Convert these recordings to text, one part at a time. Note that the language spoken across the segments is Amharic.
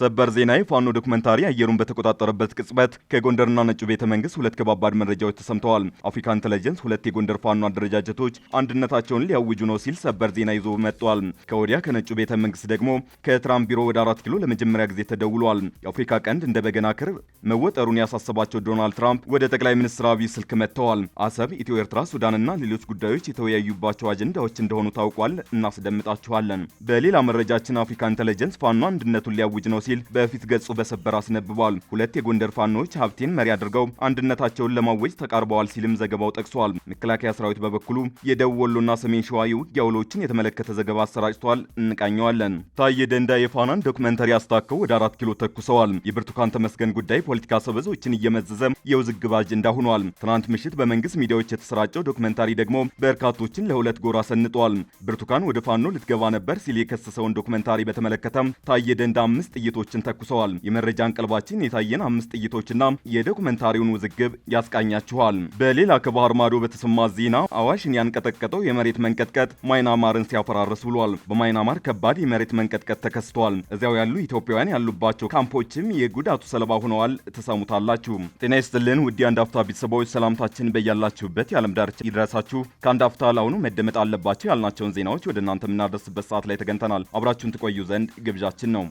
ሰበር ዜና የፋኖ ዶክመንታሪ አየሩን በተቆጣጠረበት ቅጽበት ከጎንደርና ነጩ ቤተ መንግስት ሁለት ከባባድ መረጃዎች ተሰምተዋል። አፍሪካ ኢንተለጀንስ ሁለት የጎንደር ፋኖ አደረጃጀቶች አንድነታቸውን ሊያውጁ ነው ሲል ሰበር ዜና ይዞ መጥቷል። ከወዲያ ከነጩ ቤተ መንግስት ደግሞ ከትራምፕ ቢሮ ወደ አራት ኪሎ ለመጀመሪያ ጊዜ ተደውሏል። የአፍሪካ ቀንድ እንደ በገና ክር መወጠሩን ያሳሰባቸው ዶናልድ ትራምፕ ወደ ጠቅላይ ሚኒስትር አብይ ስልክ መጥተዋል። አሰብ፣ ኢትዮ ኤርትራ፣ ሱዳንና ሌሎች ጉዳዮች የተወያዩባቸው አጀንዳዎች እንደሆኑ ታውቋል። እናስደምጣችኋለን። በሌላ መረጃችን አፍሪካ ኢንተለጀንስ ፋኖ አንድነቱን ሊያውጅ ነው ሲል በፊት ገጹ በሰበር አስነብቧል። ሁለት የጎንደር ፋኖች ሀብቴን መሪ አድርገው አንድነታቸውን ለማወጅ ተቃርበዋል ሲልም ዘገባው ጠቅሷል። መከላከያ ሰራዊት በበኩሉ የደቡብ ወሎና ሰሜን ሸዋ የውጊያ ውሎችን የተመለከተ ዘገባ አሰራጭቷል። እንቃኘዋለን። ታዬ ደንዳ የፋናን ዶክመንተሪ አስታከው ወደ አራት ኪሎ ተኩሰዋል። የብርቱካን ተመስገን ጉዳይ ፖለቲካ ሰበዞችን እየመዘዘ የውዝግብ አጀንዳ ሆኗል። ትናንት ምሽት በመንግስት ሚዲያዎች የተሰራጨው ዶክመንታሪ ደግሞ በርካቶችን ለሁለት ጎራ ሰንጧል። ብርቱካን ወደ ፋኖ ልትገባ ነበር ሲል የከሰሰውን ዶክመንታሪ በተመለከተም ታዬ ደንዳ አምስት ጥይቶ ጥይቶችን ተኩሰዋል። የመረጃ አንቀልባችን የታየን አምስት ጥይቶችና የዶክመንታሪውን ውዝግብ ያስቃኛችኋል። በሌላ ከባህር ማዶ በተሰማ ዜና አዋሽን ያንቀጠቀጠው የመሬት መንቀጥቀጥ ማይናማርን ሲያፈራርስ ብሏል። በማይናማር ከባድ የመሬት መንቀጥቀጥ ተከስቷል። እዚያው ያሉ ኢትዮጵያውያን ያሉባቸው ካምፖችም የጉዳቱ ሰለባ ሆነዋል። ተሰሙታላችሁ። ጤና ይስጥልን ውድ የአንድ አፍታ ቤተሰቦች፣ ሰላምታችን በያላችሁበት የዓለም ዳርቻ ይድረሳችሁ። ከአንድ አፍታ ለአሁኑ መደመጥ አለባቸው ያልናቸውን ዜናዎች ወደ እናንተ የምናደርስበት ሰዓት ላይ ተገኝተናል። አብራችሁን ትቆዩ ዘንድ ግብዣችን ነው።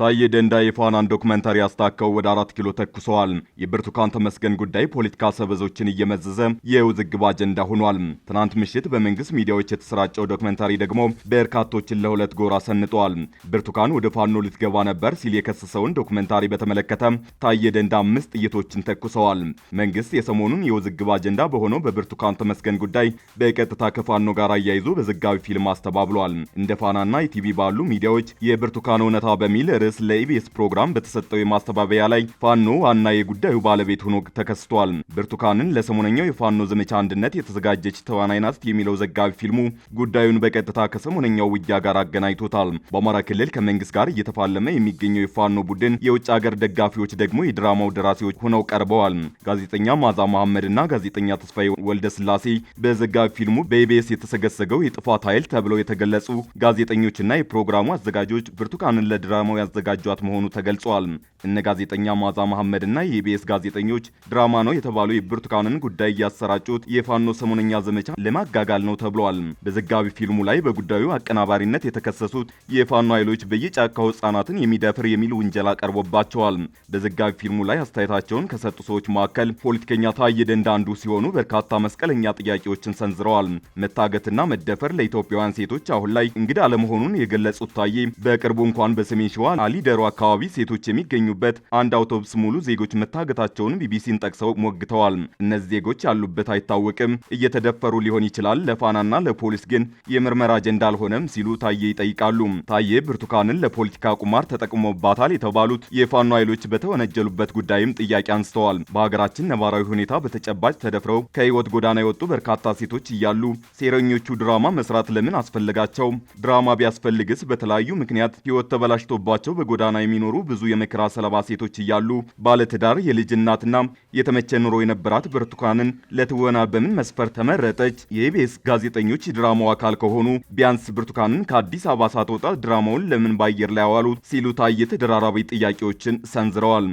ታዬ ደንዳ የፋናን ዶክመንታሪ አስታከው ወደ አራት ኪሎ ተኩሰዋል። የብርቱካን ተመስገን ጉዳይ ፖለቲካ ሰበዞችን እየመዘዘ የውዝግብ አጀንዳ ሆኗል። ትናንት ምሽት በመንግስት ሚዲያዎች የተሰራጨው ዶክመንታሪ ደግሞ በርካቶችን ለሁለት ጎራ ሰንጧል። ብርቱካን ወደ ፋኖ ልትገባ ነበር ሲል የከሰሰውን ዶክመንታሪ በተመለከተ ታዬ ደንዳ አምስት ጥይቶችን ተኩሰዋል። መንግስት የሰሞኑን የውዝግብ አጀንዳ በሆነው በብርቱካን ተመስገን ጉዳይ በቀጥታ ከፋኖ ጋር አያይዞ በዘጋቢ ፊልም አስተባብሏል። እንደ ፋናና ኢቲቪ ባሉ ሚዲያዎች የብርቱካን እውነታ በሚል ሽመልስ ለኢቢኤስ ፕሮግራም በተሰጠው የማስተባበያ ላይ ፋኖ ዋና የጉዳዩ ባለቤት ሆኖ ተከስቷል። ብርቱካንን ለሰሞነኛው የፋኖ ዘመቻ አንድነት የተዘጋጀች ተዋናይ ናት የሚለው ዘጋቢ ፊልሙ ጉዳዩን በቀጥታ ከሰሞነኛው ውጊያ ጋር አገናኝቶታል። በአማራ ክልል ከመንግስት ጋር እየተፋለመ የሚገኘው የፋኖ ቡድን የውጭ ሀገር ደጋፊዎች ደግሞ የድራማው ደራሲዎች ሆነው ቀርበዋል። ጋዜጠኛ ማዛ መሐመድ እና ጋዜጠኛ ተስፋዬ ወልደ ስላሴ በዘጋቢ ፊልሙ በኢቢኤስ የተሰገሰገው የጥፋት ኃይል ተብለው የተገለጹ ጋዜጠኞችና የፕሮግራሙ አዘጋጆች ብርቱካንን ለድራማው እያዘጋጇት መሆኑ ተገልጿል። እነ ጋዜጠኛ ማዛ መሐመድ እና የኢቢኤስ ጋዜጠኞች ድራማ ነው የተባለው የብርቱካንን ጉዳይ እያሰራጩት የፋኖ ሰሞነኛ ዘመቻ ለማጋጋል ነው ተብሏል። በዘጋቢ ፊልሙ ላይ በጉዳዩ አቀናባሪነት የተከሰሱት የፋኖ ኃይሎች በየጫካው ህጻናትን የሚደፍር የሚል ውንጀላ ቀርቦባቸዋል። በዘጋቢ ፊልሙ ላይ አስተያየታቸውን ከሰጡ ሰዎች መካከል ፖለቲከኛ ታዬ ደንዳ አንዱ ሲሆኑ በርካታ መስቀለኛ ጥያቄዎችን ሰንዝረዋል። መታገትና መደፈር ለኢትዮጵያውያን ሴቶች አሁን ላይ እንግዳ አለመሆኑን የገለጹት ታዬ በቅርቡ እንኳን በሰሜን ሸዋ ደሮ አካባቢ ሴቶች የሚገኙበት አንድ አውቶቡስ ሙሉ ዜጎች መታገታቸውን ቢቢሲን ጠቅሰው ሞግተዋል። እነዚህ ዜጎች ያሉበት አይታወቅም፣ እየተደፈሩ ሊሆን ይችላል፣ ለፋናና ለፖሊስ ግን የምርመራ አጀንዳ አልሆነም ሲሉ ታዬ ይጠይቃሉ። ታዬ ብርቱካንን ለፖለቲካ ቁማር ተጠቅሞባታል የተባሉት የፋኖ ኃይሎች በተወነጀሉበት ጉዳይም ጥያቄ አንስተዋል። በሀገራችን ነባራዊ ሁኔታ በተጨባጭ ተደፍረው ከህይወት ጎዳና የወጡ በርካታ ሴቶች እያሉ ሴረኞቹ ድራማ መስራት ለምን አስፈለጋቸው? ድራማ ቢያስፈልግስ በተለያዩ ምክንያት ህይወት ተበላሽቶባቸው በጎዳና የሚኖሩ ብዙ የመከራ ሰለባ ሴቶች እያሉ ባለትዳር የልጅ እናትና የተመቸ ኑሮ የነበራት ብርቱካንን ለትወና በምን መስፈር ተመረጠች? የኢቢኤስ ጋዜጠኞች ድራማው አካል ከሆኑ ቢያንስ ብርቱካንን ከአዲስ አበባ ሳትወጣ ድራማውን ለምን በአየር ላይ አዋሉት? ሲሉ ታየ ተደራራቢ ጥያቄዎችን ሰንዝረዋል።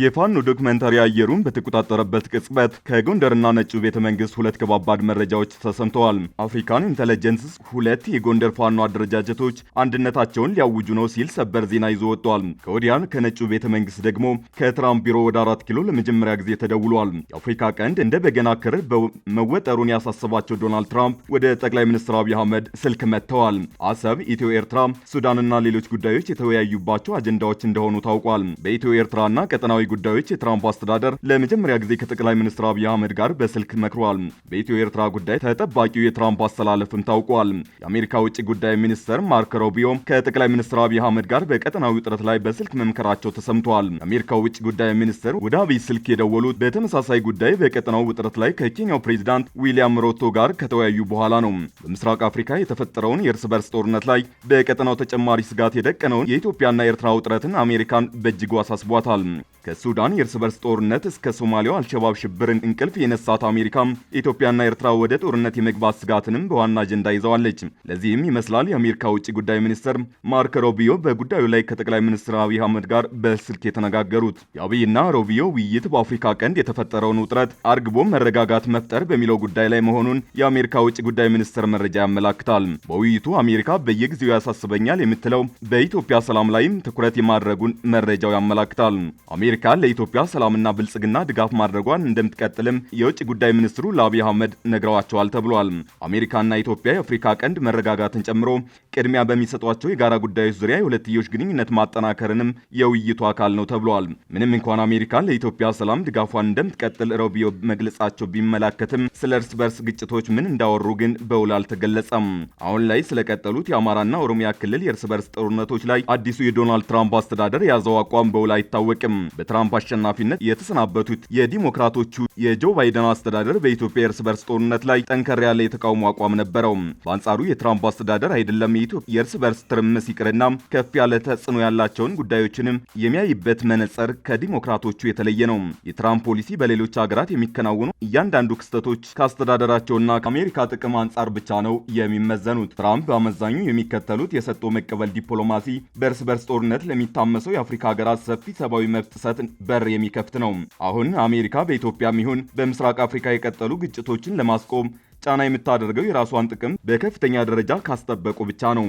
የፋኖ ዶክመንታሪ አየሩን በተቆጣጠረበት ቅጽበት ከጎንደርና ነጩ ቤተ መንግስት ሁለት ከባባድ መረጃዎች ተሰምተዋል። አፍሪካን ኢንተለጀንስ ሁለት የጎንደር ፋኖ አደረጃጀቶች አንድነታቸውን ሊያውጁ ነው ሲል ሰበር ዜና ይዞ ወጥቷል። ከወዲያን ከነጩ ቤተ መንግስት ደግሞ ከትራምፕ ቢሮ ወደ አራት ኪሎ ለመጀመሪያ ጊዜ ተደውሏል። የአፍሪካ ቀንድ እንደ በገና ክርር መወጠሩን ያሳሰባቸው ዶናልድ ትራምፕ ወደ ጠቅላይ ሚኒስትር አብይ አህመድ ስልክ መጥተዋል። አሰብ፣ ኢትዮ ኤርትራ፣ ሱዳንና ሌሎች ጉዳዮች የተወያዩባቸው አጀንዳዎች እንደሆኑ ታውቋል። በኢትዮ ኤርትራና ቀጠናዊ ሰላማዊ ጉዳዮች የትራምፕ አስተዳደር ለመጀመሪያ ጊዜ ከጠቅላይ ሚኒስትር አብይ አህመድ ጋር በስልክ መክሯል። በኢትዮ ኤርትራ ጉዳይ ተጠባቂው የትራምፕ አስተላለፍም ታውቋል። የአሜሪካ ውጭ ጉዳይ ሚኒስትር ማርክ ሮቢዮ ከጠቅላይ ሚኒስትር አብይ አህመድ ጋር በቀጠናዊ ውጥረት ላይ በስልክ መምከራቸው ተሰምቷል። የአሜሪካ ውጭ ጉዳይ ሚኒስትር ወደ አብይ ስልክ የደወሉት በተመሳሳይ ጉዳይ በቀጠናው ውጥረት ላይ ከኬንያው ፕሬዚዳንት ዊሊያም ሮቶ ጋር ከተወያዩ በኋላ ነው። በምስራቅ አፍሪካ የተፈጠረውን የእርስ በርስ ጦርነት ላይ በቀጠናው ተጨማሪ ስጋት የደቀነውን የኢትዮጵያና ኤርትራ ውጥረትን አሜሪካን በእጅጉ አሳስቧታል። ከሱዳን የእርስ በርስ ጦርነት እስከ ሶማሊያው አልሸባብ ሽብርን እንቅልፍ የነሳት አሜሪካ ኢትዮጵያና ኤርትራ ወደ ጦርነት የመግባት ስጋትንም በዋና አጀንዳ ይዘዋለች። ለዚህም ይመስላል የአሜሪካ ውጭ ጉዳይ ሚኒስትር ማርክ ሮቢዮ በጉዳዩ ላይ ከጠቅላይ ሚኒስትር አብይ አህመድ ጋር በስልክ የተነጋገሩት። የአብይና ሮቢዮ ውይይት በአፍሪካ ቀንድ የተፈጠረውን ውጥረት አርግቦ መረጋጋት መፍጠር በሚለው ጉዳይ ላይ መሆኑን የአሜሪካ ውጭ ጉዳይ ሚኒስትር መረጃ ያመላክታል። በውይይቱ አሜሪካ በየጊዜው ያሳስበኛል የምትለው በኢትዮጵያ ሰላም ላይም ትኩረት የማድረጉን መረጃው ያመላክታል። አሜሪካ አሜሪካ ለኢትዮጵያ ሰላምና ብልጽግና ድጋፍ ማድረጓን እንደምትቀጥልም የውጭ ጉዳይ ሚኒስትሩ ለአብይ አህመድ ነግረዋቸዋል ተብሏል። አሜሪካና ኢትዮጵያ የአፍሪካ ቀንድ መረጋጋትን ጨምሮ ቅድሚያ በሚሰጧቸው የጋራ ጉዳዮች ዙሪያ የሁለትዮሽ ግንኙነት ማጠናከርንም የውይይቱ አካል ነው ተብሏል። ምንም እንኳን አሜሪካ ለኢትዮጵያ ሰላም ድጋፏን እንደምትቀጥል ረቢዮ መግለጻቸው ቢመላከትም ስለ እርስ በርስ ግጭቶች ምን እንዳወሩ ግን በውል አልተገለጸም። አሁን ላይ ስለቀጠሉት የአማራና ኦሮሚያ ክልል የእርስ በርስ ጦርነቶች ላይ አዲሱ የዶናልድ ትራምፕ አስተዳደር የያዘው አቋም በውል አይታወቅም። በትራምፕ አሸናፊነት የተሰናበቱት የዲሞክራቶቹ የጆ ባይደን አስተዳደር በኢትዮጵያ የእርስ በርስ ጦርነት ላይ ጠንከር ያለ የተቃውሞ አቋም ነበረው። በአንጻሩ የትራምፕ አስተዳደር አይደለም የእርስ በርስ ትርምስ ይቅርና ከፍ ያለ ተጽዕኖ ያላቸውን ጉዳዮችንም የሚያይበት መነጽር ከዲሞክራቶቹ የተለየ ነው። የትራምፕ ፖሊሲ በሌሎች ሀገራት የሚከናወኑ እያንዳንዱ ክስተቶች ከአስተዳደራቸውና ከአሜሪካ ጥቅም አንጻር ብቻ ነው የሚመዘኑት። ትራምፕ በአመዛኙ የሚከተሉት የሰጥቶ መቀበል ዲፕሎማሲ በእርስ በርስ ጦርነት ለሚታመሰው የአፍሪካ ሀገራት ሰፊ ሰብአዊ መብት ጥሰት በር የሚከፍት ነው። አሁን አሜሪካ በኢትዮጵያም ይሁን በምስራቅ አፍሪካ የቀጠሉ ግጭቶችን ለማስቆም ጫና የምታደርገው የራሷን ጥቅም በከፍተኛ ደረጃ ካስጠበቁ ብቻ ነው።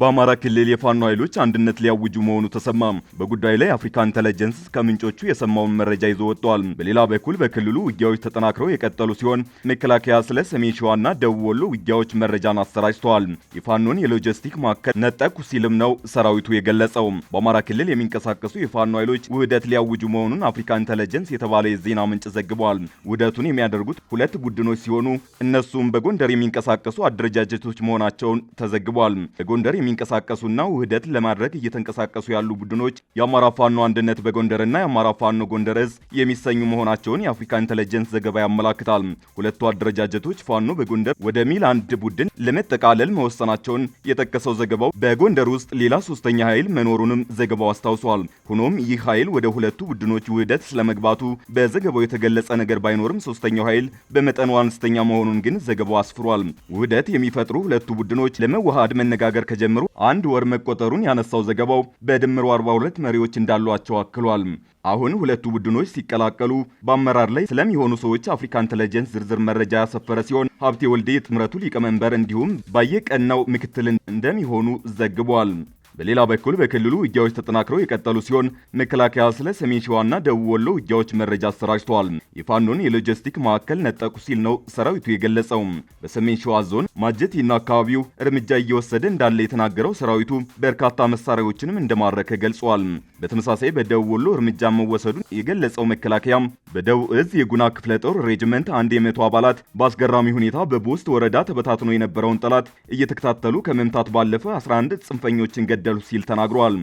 በአማራ ክልል የፋኖ ኃይሎች አንድነት ሊያውጁ መሆኑ ተሰማ። በጉዳዩ ላይ አፍሪካ ኢንተለጀንስ ከምንጮቹ የሰማውን መረጃ ይዞ ወጥቷል። በሌላ በኩል በክልሉ ውጊያዎች ተጠናክረው የቀጠሉ ሲሆን መከላከያ ስለ ሰሜን ሸዋና ደቡብ ወሎ ውጊያዎች መረጃን አሰራጭተዋል። የፋኖን የሎጂስቲክ ማዕከል ነጠቁ ሲልም ነው ሰራዊቱ የገለጸው። በአማራ ክልል የሚንቀሳቀሱ የፋኖ ኃይሎች ውህደት ሊያውጁ መሆኑን አፍሪካ ኢንተለጀንስ የተባለ የዜና ምንጭ ዘግቧል። ውህደቱን የሚያደርጉት ሁለት ቡድኖች ሲሆኑ እነሱም በጎንደር የሚንቀሳቀሱ አደረጃጀቶች መሆናቸውን ተዘግቧል። በጎንደር የሚንቀሳቀሱና ውህደት ለማድረግ እየተንቀሳቀሱ ያሉ ቡድኖች የአማራ ፋኖ አንድነት በጎንደርና የአማራ ፋኖ ጎንደር እዝ የሚሰኙ መሆናቸውን የአፍሪካ ኢንተለጀንስ ዘገባ ያመላክታል። ሁለቱ አደረጃጀቶች ፋኖ በጎንደር ወደ ሚል አንድ ቡድን ለመጠቃለል መወሰናቸውን የጠቀሰው ዘገባው በጎንደር ውስጥ ሌላ ሶስተኛ ኃይል መኖሩንም ዘገባው አስታውሷል። ሆኖም ይህ ኃይል ወደ ሁለቱ ቡድኖች ውህደት ስለመግባቱ በዘገባው የተገለጸ ነገር ባይኖርም ሶስተኛው ኃይል በመጠኑ አነስተኛ መሆኑን ግን ዘገባው አስፍሯል። ውህደት የሚፈጥሩ ሁለቱ ቡድኖች ለመዋሃድ መነጋገር ከጀመሩ ጀምሮ አንድ ወር መቆጠሩን ያነሳው ዘገባው በድምሩ 42 መሪዎች እንዳሏቸው አክሏል። አሁን ሁለቱ ቡድኖች ሲቀላቀሉ በአመራር ላይ ስለሚሆኑ ሰዎች አፍሪካ ኢንተለጀንስ ዝርዝር መረጃ ያሰፈረ ሲሆን ሀብቴ ወልዴ የጥምረቱ ሊቀመንበር እንዲሁም ባየቀናው ምክትል እንደሚሆኑ ዘግቧል። በሌላ በኩል በክልሉ ውጊያዎች ተጠናክረው የቀጠሉ ሲሆን መከላከያ ስለ ሰሜን ሸዋና ደቡብ ወሎ ውጊያዎች መረጃ አሰራጅተዋል። የፋኖን የሎጂስቲክ ማዕከል ነጠቁ ሲል ነው ሰራዊቱ የገለጸው። በሰሜን ሸዋ ዞን ማጀቴና አካባቢው እርምጃ እየወሰደ እንዳለ የተናገረው ሰራዊቱ በርካታ መሳሪያዎችንም እንደማረከ ገልጿል። በተመሳሳይ በደቡብ ወሎ እርምጃ መወሰዱን የገለጸው መከላከያ በደቡብ እዝ የጉና ክፍለ ጦር ሬጅመንት አንድ የመቶ አባላት በአስገራሚ ሁኔታ በቦስት ወረዳ ተበታትኖ የነበረውን ጠላት እየተከታተሉ ከመምታት ባለፈ 11 ጽንፈኞችን ገደ አይገደሉም ሲል ተናግሯል።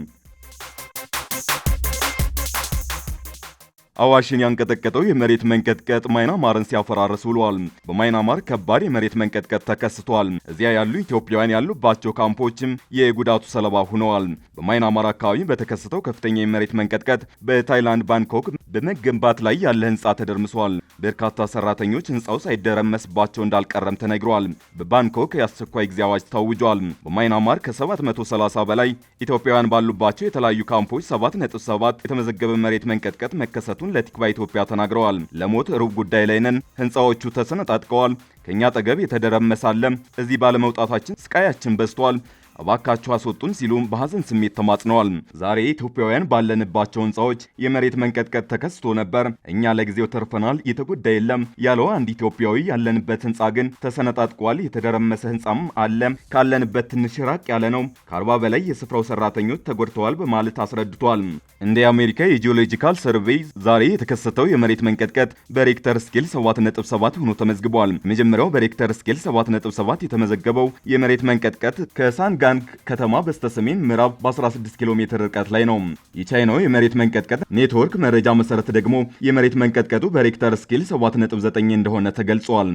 አዋሽን ያንቀጠቀጠው የመሬት መንቀጥቀጥ ማይናማርን ሲያፈራርስ ውሏል። በማይናማር ከባድ የመሬት መንቀጥቀጥ ተከስቷል። እዚያ ያሉ ኢትዮጵያውያን ያሉባቸው ካምፖችም የጉዳቱ ሰለባ ሆነዋል። በማይናማር አካባቢ በተከሰተው ከፍተኛ የመሬት መንቀጥቀጥ በታይላንድ ባንኮክ በመገንባት ላይ ያለ ህንፃ ተደርምሷል። በርካታ ሰራተኞች ህንፃው ሳይደረመስባቸው እንዳልቀረም ተነግሯል። በባንኮክ የአስቸኳይ ጊዜ አዋጅ ታውጇል። በማይናማር ከ730 በላይ ኢትዮጵያውያን ባሉባቸው የተለያዩ ካምፖች 7.7 የተመዘገበ መሬት መንቀጥቀጥ መከሰቱ መግባቱን ለቲክባ ኢትዮጵያ ተናግረዋል። ለሞት ሩብ ጉዳይ ላይ ነን። ህንፃዎቹ ተሰነጣጥቀዋል። ከእኛ አጠገብ የተደረመሳለ እዚህ ባለመውጣታችን ስቃያችን በዝቷል። እባካችሁ አስወጡን ሲሉም በሐዘን ስሜት ተማጽነዋል። ዛሬ ኢትዮጵያውያን ባለንባቸው ህንፃዎች የመሬት መንቀጥቀጥ ተከስቶ ነበር። እኛ ለጊዜው ተርፈናል፣ የተጎዳ የለም ያለው አንድ ኢትዮጵያዊ ያለንበት ህንፃ ግን ተሰነጣጥቋል። የተደረመሰ ህንፃም አለ። ካለንበት ትንሽ ራቅ ያለ ነው። ከአርባ በላይ የስፍራው ሰራተኞች ተጎድተዋል በማለት አስረድቷል። እንደ አሜሪካ የጂኦሎጂካል ሰርቬይ ዛሬ የተከሰተው የመሬት መንቀጥቀጥ በሬክተር ስኬል 7.7 ሆኖ ተመዝግቧል። መጀመሪያው በሬክተር ስኬል 7.7 የተመዘገበው የመሬት መንቀጥቀጥ ከሳን ዳንግ ከተማ በስተሰሜን ምዕራብ በ16 ኪሎ ሜትር ርቀት ላይ ነው። የቻይናው የመሬት መንቀጥቀጥ ኔትወርክ መረጃ መሰረት ደግሞ የመሬት መንቀጥቀጡ በሬክተር ስኪል 7.9 እንደሆነ ተገልጿል።